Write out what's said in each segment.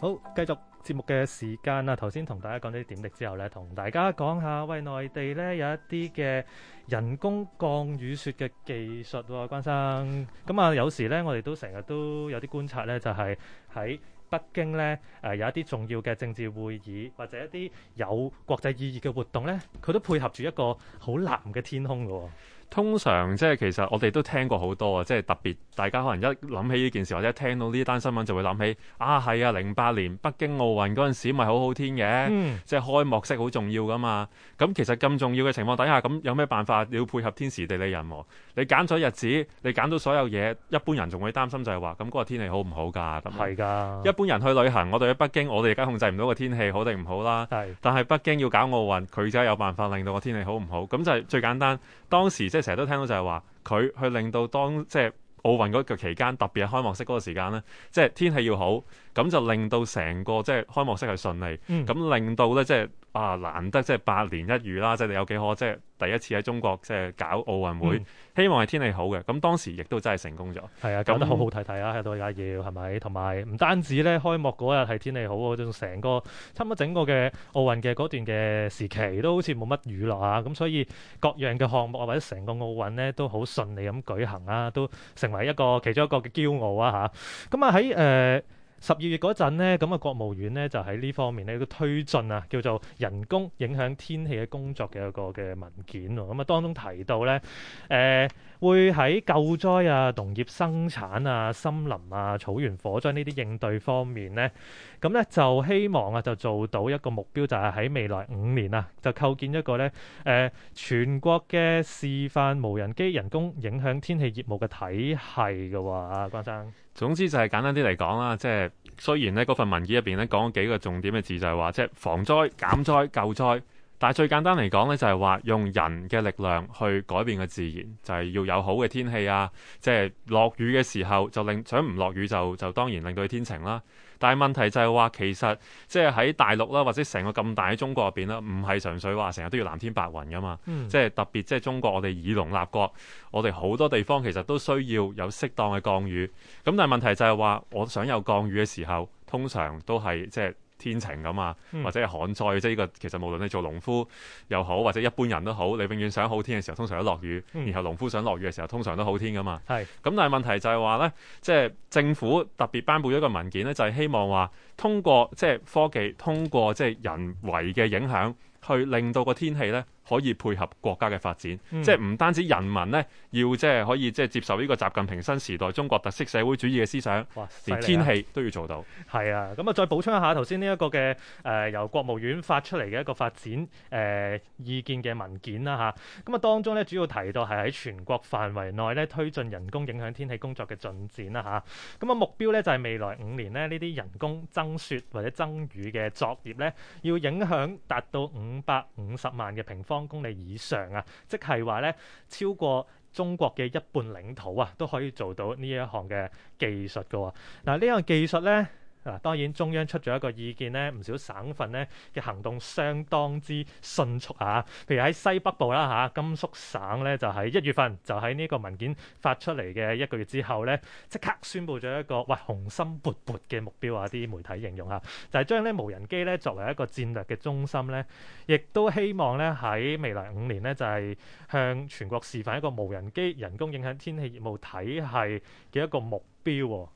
好，繼續節目嘅時間啊！頭先同大家講啲點滴之後咧，同大家講下，喂，內地咧有一啲嘅人工降雨雪嘅技術喎、哦，關生。咁啊、就是呃，有時咧，我哋都成日都有啲觀察咧，就係喺北京咧，誒有一啲重要嘅政治會議或者一啲有國際意義嘅活動咧，佢都配合住一個好藍嘅天空嘅、哦。通常即係其實我哋都聽過好多啊，即係特別大家可能一諗起呢件事或者一聽到呢單新聞就會諗起啊，係啊零八年北京奧運嗰陣時咪好好天嘅，嗯、即係開幕式好重要噶嘛。咁其實咁重要嘅情況底下，咁有咩辦法要配合天時地利人和？你揀咗日子，你揀到所有嘢，一般人仲會擔心就係話，咁嗰個天氣好唔好㗎？咁係㗎。的一般人去旅行，我哋喺北京，我哋而家控制唔到個天氣好定唔好啦。的但係北京要搞奧運，佢就有辦法令到個天氣好唔好？咁就係最簡單。當時即成日都聽到就係話佢去令到當即係奧運嗰個期間，特別開幕式嗰個時間咧，即係天氣要好，咁就令到成個即係開幕式係順利，咁、嗯、令到咧即係。啊，難得即係百年一遇啦！即係你有幾可，即係第一次喺中國即係搞奧運會，嗯、希望係天氣好嘅。咁當時亦都真係成功咗，係啊，那搞得好好睇睇啊！喺度而家要，係咪？同埋唔單止咧，開幕嗰日係天氣好，仲成個差唔多整個嘅奧運嘅嗰段嘅時期都好似冇乜雨落啊！咁所以各樣嘅項目啊，或者成個奧運咧都好順利咁舉行啦、啊，都成為一個其中一個嘅驕傲啊！嚇、啊，咁啊喺誒。呃十二月嗰陣咧，咁啊，國務院呢，就喺呢方面咧，都推進啊，叫做人工影響天氣嘅工作嘅一個嘅文件喎。咁啊，當中提到咧，誒、呃、會喺救災啊、農業生產啊、森林啊、草原火災呢啲應對方面咧，咁咧就希望啊，就做到一個目標，就係、是、喺未來五年啊，就構建一個咧誒、呃、全國嘅示範無人機人工影響天氣業務嘅體系嘅喎，啊，關生。總之就係簡單啲嚟講啦，即係雖然呢，嗰份文件入邊咧講咗幾個重點嘅字，就係話即係防災、減災、救災。但係最簡單嚟講咧，就係話用人嘅力量去改變個自然，就係要有好嘅天氣啊！即係落雨嘅時候就令想唔落雨就就當然令到天晴啦。但係問題就係話，其實即係喺大陸啦，或者成個咁大嘅中國入邊啦，唔係純粹話成日都要藍天白雲噶嘛。即係特別，即係中國我哋以農立國，我哋好多地方其實都需要有適當嘅降雨。咁但係問題就係話，我想有降雨嘅時候，通常都係即係。天晴咁啊，或者係旱災，即係、這、呢個其實無論你做農夫又好，或者一般人都好，你永遠想好天嘅時候，通常都落雨；然後農夫想落雨嘅時候，通常都好天噶嘛。係是。咁但係問題就係話呢，即係政府特別頒佈咗一個文件呢，就係、是、希望話通過即係科技，通過即係人為嘅影響。去令到個天氣咧可以配合國家嘅發展，嗯、即係唔單止人民咧要即係可以即係接受呢個習近平新時代中國特色社會主義嘅思想，啊、連天氣都要做到。係啊，咁啊再補充一下頭先呢一個嘅誒、呃、由國務院發出嚟嘅一個發展誒、呃、意見嘅文件啦吓，咁啊當中咧主要提到係喺全國範圍內咧推進人工影響天氣工作嘅進展啦吓，咁啊目標咧就係、是、未來五年咧呢啲人工增雪或者增雨嘅作業咧要影響達到五。五百五十萬嘅平方公里以上啊，即係話咧超過中國嘅一半領土啊，都可以做到一項、哦啊這個、呢一項嘅技術㗎喎。嗱，呢樣技術咧。嗱，當然中央出咗一個意見咧，唔少省份咧嘅行動相當之迅速啊。譬如喺西北部啦嚇，甘肅省咧就喺一月份就喺呢個文件發出嚟嘅一個月之後咧，即刻宣佈咗一個哇，雄心勃勃嘅目標啊！啲媒體形容嚇，就係將咧無人機咧作為一個戰略嘅中心咧，亦都希望咧喺未來五年咧就係向全國示範一個無人機人工影響天氣業務體系嘅一個目標。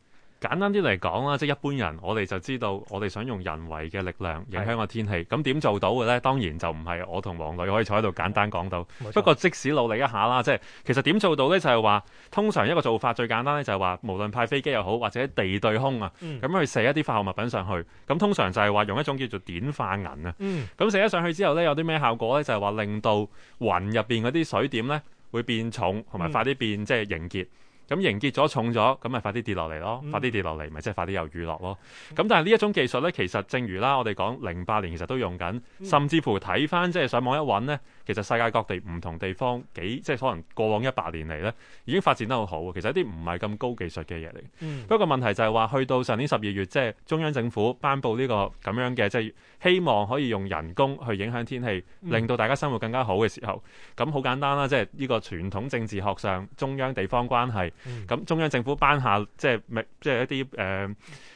簡單啲嚟講啦，即係一般人，我哋就知道，我哋想用人為嘅力量影響個天氣，咁點的做到嘅呢？當然就唔係我同黃磊可以坐喺度簡單講到。錯不過即使努力一下啦，即係其實點做到呢？就係話，通常一個做法最簡單呢，就係話，無論派飛機又好，或者地對空啊，咁、嗯、去射一啲化學物品上去。咁通常就係話用一種叫做碘化銀啊。咁、嗯、射咗上去之後呢，有啲咩效果呢？就係、是、話令到雲入邊嗰啲水點呢會變重，同埋快啲變、嗯、即係凝結。咁凝結咗重咗，咁咪快啲跌落嚟咯，mm hmm. 快啲跌落嚟，咪即係快啲有雨落咯。咁、mm hmm. 但係呢一種技術咧，其實正如啦，我哋講零八年其實都用緊，甚至乎睇翻即係上網一揾咧。其實世界各地唔同地方幾即係可能過往一百年嚟呢，已經發展得好好。其實一啲唔係咁高技術嘅嘢嚟。嗯、不過問題就係話去到上年十二月，即係中央政府頒布呢個咁樣嘅，即係希望可以用人工去影響天氣，令到大家生活更加好嘅時候，咁好簡單啦，即係呢個傳統政治學上中央地方關係。咁、嗯、中央政府頒下即係即係一啲誒。呃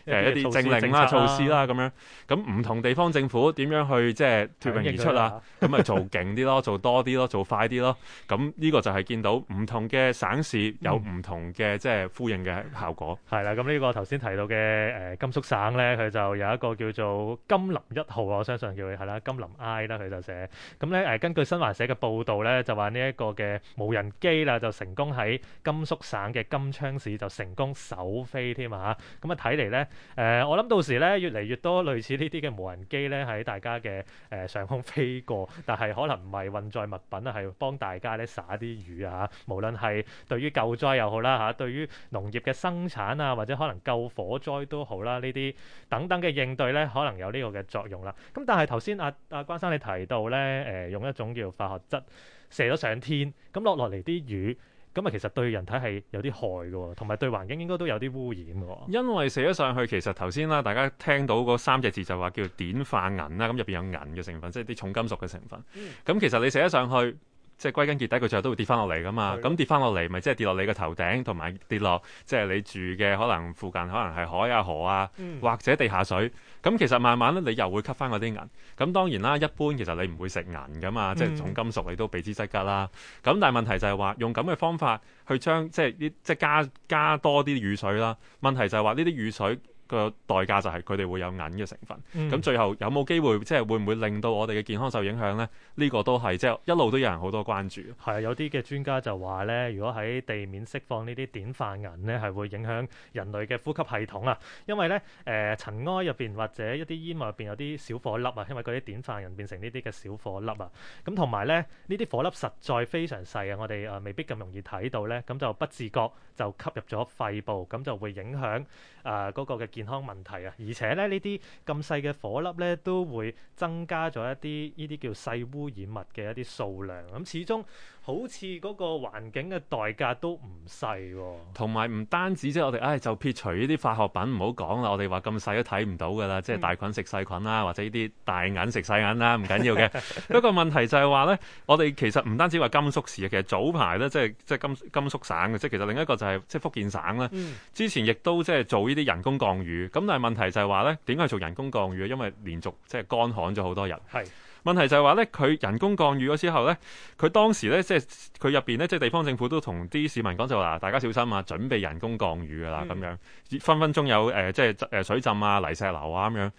誒一啲政令啦、措施啦咁、啊、樣，咁唔同地方政府點樣去即係脫穎而出啊？咁咪做勁啲咯， 做多啲咯，做快啲咯。咁呢個就係見到唔同嘅省市有唔同嘅即係呼應嘅效果。係、啊、啦，咁呢個頭先提到嘅誒、呃、甘肅省咧，佢就有一個叫做甘霖一號，我相信叫佢係啦甘霖 I 啦，佢就寫。咁咧誒根據新華社嘅報導咧，就話呢一個嘅無人機啦，就成功喺甘肅省嘅金昌市就成功首飛添啊！咁啊睇嚟咧。誒、呃，我諗到時咧，越嚟越多類似呢啲嘅無人機咧喺大家嘅誒、呃、上空飛過，但係可能唔係運載物品啊，係幫大家咧撒啲雨啊，無論係對於救災又好啦吓、啊，對於農業嘅生產啊，或者可能救火災都好啦，呢啲等等嘅應對咧，可能有呢個嘅作用啦。咁但係頭、啊啊、先阿阿關生你提到咧，誒、呃、用一種叫化學質射咗上天，咁落落嚟啲雨。咁啊，其實對人體係有啲害嘅，同埋對環境應該都有啲污染嘅。因為寫咗上去，其實頭先啦，大家聽到嗰三隻字就話叫碘化銀啦，咁入邊有銀嘅成分，即係啲重金屬嘅成分。咁、嗯、其實你寫咗上去。即係歸根結底，佢最後都會跌翻落嚟噶嘛。咁的跌翻落嚟，咪即係跌落你個頭頂，同埋跌落即係你住嘅可能附近，可能係海啊、河啊，嗯、或者地下水。咁其實慢慢咧，你又會吸翻嗰啲銀。咁當然啦，一般其實你唔會食銀噶嘛，嗯、即係重金屬你都避之則吉啦。咁但係問題就係話用咁嘅方法去將即係啲即係加加多啲雨水啦。問題就係話呢啲雨水。個代價就係佢哋會有銀嘅成分，咁、嗯、最後有冇機會即係、就是、會唔會令到我哋嘅健康受影響咧？呢、這個都係即係一路都有人好多關注。係啊，有啲嘅專家就話咧，如果喺地面釋放呢啲碘化銀咧，係會影響人類嘅呼吸系統啊。因為咧誒、呃，塵埃入邊或者一啲煙霧入邊有啲小火粒啊，因為嗰啲碘化銀變成呢啲嘅小火粒啊。咁同埋咧，呢啲火粒實在非常細啊，我哋誒未必咁容易睇到咧，咁就不自覺就吸入咗肺部，咁就會影響誒嗰、呃那個嘅健康問題啊，而且咧呢啲咁細嘅火粒咧，都會增加咗一啲呢啲叫細污染物嘅一啲數量，咁、嗯、始終。好似嗰個環境嘅代價都唔細喎，同埋唔單止即係我哋，唉，就撇除呢啲化學品唔好講啦，我哋話咁細都睇唔到㗎啦，即係大菌食細菌啦，或者呢啲大眼食細眼啦，唔緊要嘅。 不過問題就係話咧，我哋其實唔單止話甘肅市啊，其實早排咧即係即係甘甘肅省嘅，即係其實另一個就係即係福建省咧，之前亦都即係做呢啲人工降雨，咁但係問題就係話咧，點解做人工降雨？因為連續即係乾旱咗好多日。係。問題就係話咧，佢人工降雨咗之後咧，佢當時咧即係佢入邊咧，即係地方政府都同啲市民講就話，大家小心啊，準備人工降雨噶啦咁樣，分分鐘有誒、呃、即係誒水浸啊、泥石流啊咁樣。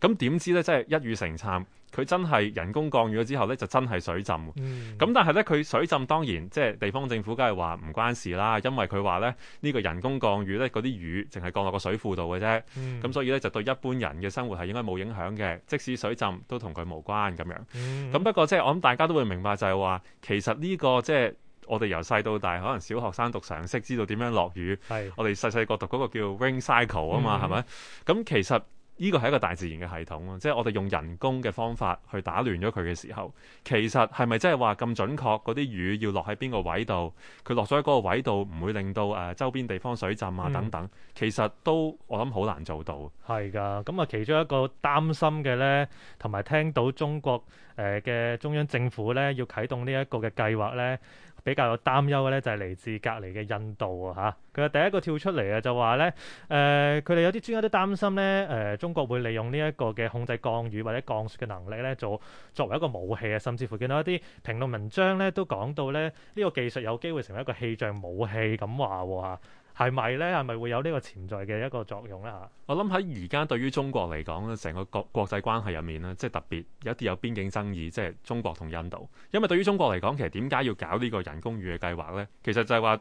咁點知咧，即係一語成讖。佢真係人工降雨咗之後咧，就真係水浸。咁、嗯、但係咧，佢水浸當然即係、就是、地方政府，梗係話唔關事啦，因為佢話咧呢、這個人工降雨咧，嗰啲雨淨係降落個水庫度嘅啫。咁、嗯、所以咧，就對一般人嘅生活係應該冇影響嘅。即使水浸都同佢無關咁樣。咁、嗯、不過即、就、係、是、我諗大家都會明白就，就係話其實呢個即、就、係、是、我哋由細到大，可能小學生讀常識知道點樣落雨。是我哋細細個讀嗰個叫 rain cycle 啊嘛，係咪、嗯？咁其實。呢個係一個大自然嘅系統，即係我哋用人工嘅方法去打亂咗佢嘅時候，其實係咪真係話咁準確？嗰啲雨要落喺邊個位度？佢落咗喺嗰個位度，唔會令到誒、呃、周邊地方水浸啊等等。嗯、其實都我諗好難做到。係㗎，咁啊，其中一個擔心嘅呢，同埋聽到中國誒嘅、呃、中央政府呢，要啟動呢一個嘅計劃呢。比較有擔憂嘅咧，就係嚟自隔籬嘅印度啊嚇。佢係第一個跳出嚟啊，就話咧，誒，佢哋有啲專家都擔心咧，誒、呃，中國會利用呢一個嘅控制降雨或者降雪嘅能力咧，做作為一個武器啊。甚至乎見到一啲評論文章咧，都講到咧，呢個技術有機會成為一個氣象武器咁話。係咪咧？係咪會有呢個潛在嘅一個作用咧？嚇！我諗喺而家對於中國嚟講咧，成個國國際關係入面咧，即係特別有啲有邊境爭議，即係中國同印度。因為對於中國嚟講，其實點解要搞呢個人工雨嘅計劃咧？其實就係話。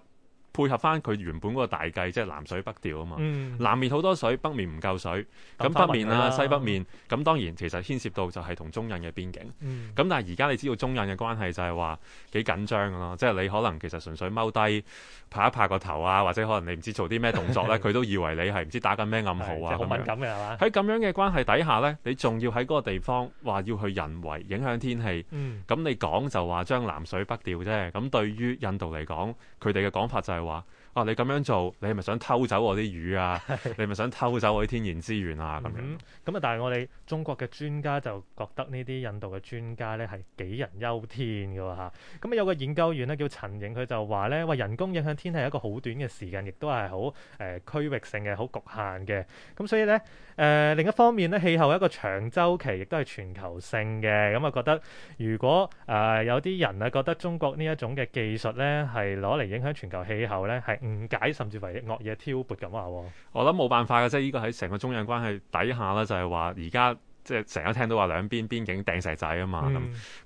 配合翻佢原本嗰個大計，即係南水北調啊嘛。嗯、南面好多水，北面唔夠水。咁、嗯、北面啊，西北面，咁當然其實牽涉到就係同中印嘅邊境。咁、嗯、但係而家你知道中印嘅關係就係話幾緊張㗎咯，即係你可能其實純粹踎低拍一拍個頭啊，或者可能你唔知做啲咩動作咧，佢 都以為你係唔知打緊咩暗號啊。即係好 樣敏感嘅係嘛？喺咁樣嘅關係底下咧，你仲要喺嗰個地方話要去人為影響天氣，咁、嗯、你講就話將南水北調啫。咁對於印度嚟講，佢哋嘅講法就係、是。話，哇、啊！你咁樣做，你係咪想偷走我啲魚啊？ 你係咪想偷走我啲天然資源啊？咁樣咁啊！但係我哋中國嘅專家就覺得呢啲印度嘅專家咧係杞人憂天噶吓、啊。咁啊有個研究員咧叫陳瑩，佢就話咧，喂，人工影響天氣係一個好短嘅時間，亦都係好誒區域性嘅，好局限嘅。咁所以咧誒、呃，另一方面咧氣候係一個長周期，亦都係全球性嘅。咁啊覺得如果誒、呃，有啲人啊覺得中國呢一種嘅技術咧係攞嚟影響全球氣候，後咧係誤解，甚至乎惡意挑撥咁話。我諗冇辦法嘅，即係呢個喺成個中印關係底下咧，就係話而家即係成日聽到話兩邊邊境掟石仔啊嘛。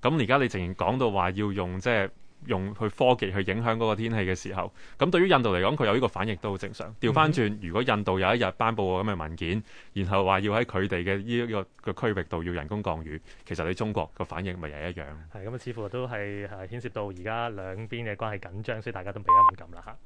咁咁而家你直然講到話要用即係用去科技去影響嗰個天氣嘅時候，咁對於印度嚟講，佢有呢個反應都好正常。調翻轉，如果印度有一日頒布咁嘅文件，然後話要喺佢哋嘅呢一個個區域度要人工降雨，其實你中國個反應咪又一樣，係咁啊，似乎都係係牽涉到而家兩邊嘅關係緊張，所以大家都比較敏感啦吓。